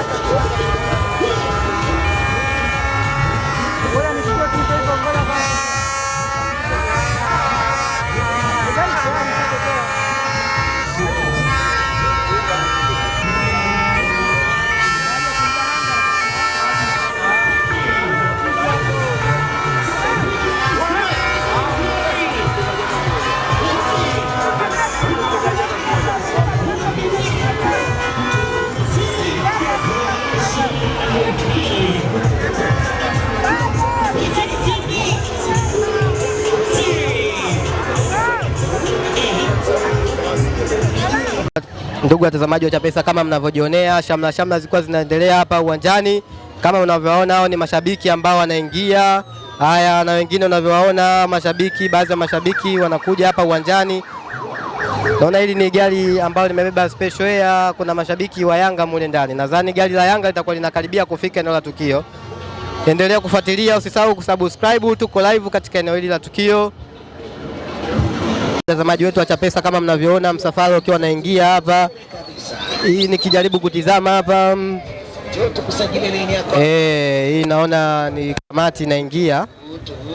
やった Ndugu watazamaji wa Chapesa, kama mnavyojionea, shamla shamla zilikuwa zinaendelea hapa uwanjani. Kama unavyowaona hao ni mashabiki ambao wanaingia haya, na wengine unavyowaona mashabiki, baadhi ya mashabiki wanakuja hapa uwanjani. Naona hili ni gari ambalo limebeba special air, kuna mashabiki wa Yanga mule ndani. Nadhani gari la Yanga litakuwa linakaribia kufika eneo la tukio. Endelea kufuatilia, usisahau kusubscribe. Tuko live katika eneo hili la tukio. Mtazamaji wetu wa Chapesa, kama mnavyoona msafara ukiwa naingia hapa, hii nikijaribu kutizama hapa e, hii naona ni kamati inaingia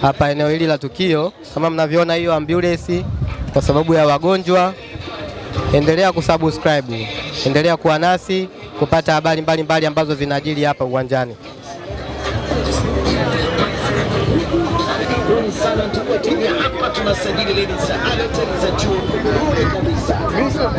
hapa eneo hili la tukio, kama mnavyoona hiyo ambulance kwa sababu ya wagonjwa. Endelea kusubscribe, endelea kuwa nasi kupata habari mbalimbali ambazo zinajili hapa uwanjani. sana hapa, tunasajili za kabisa.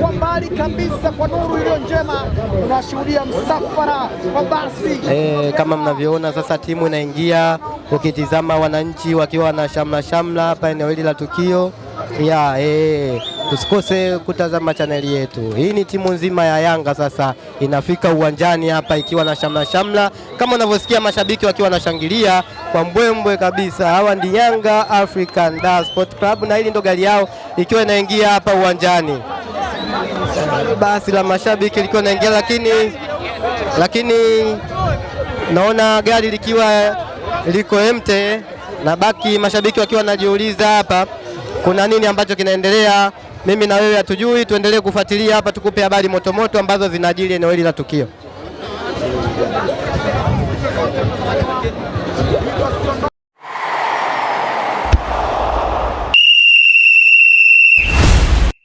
Kwa mbali kabisa kwa nuru iliyo njema tunashuhudia msafara wa basi eh, kama mnavyoona sasa timu inaingia, ukitizama wananchi wakiwa na shamla shamla hapa eneo hili la tukio ya eh, eh. usikose kutazama chaneli yetu. Hii ni timu nzima ya Yanga sasa inafika uwanjani hapa ikiwa na shamla shamla, kama unavyosikia mashabiki wakiwa wanashangilia kwa mbwembwe kabisa. Hawa ndi Yanga African Dar Sport Club, na hili ndo gari yao ikiwa inaingia hapa uwanjani. Basi la mashabiki likiwa inaingia, lakini lakini naona gari likiwa liko emte na baki mashabiki wakiwa wanajiuliza hapa kuna nini ambacho kinaendelea. Mimi na wewe hatujui, tuendelee kufuatilia hapa, tukupe habari motomoto ambazo zinaajili eneo hili la tukio.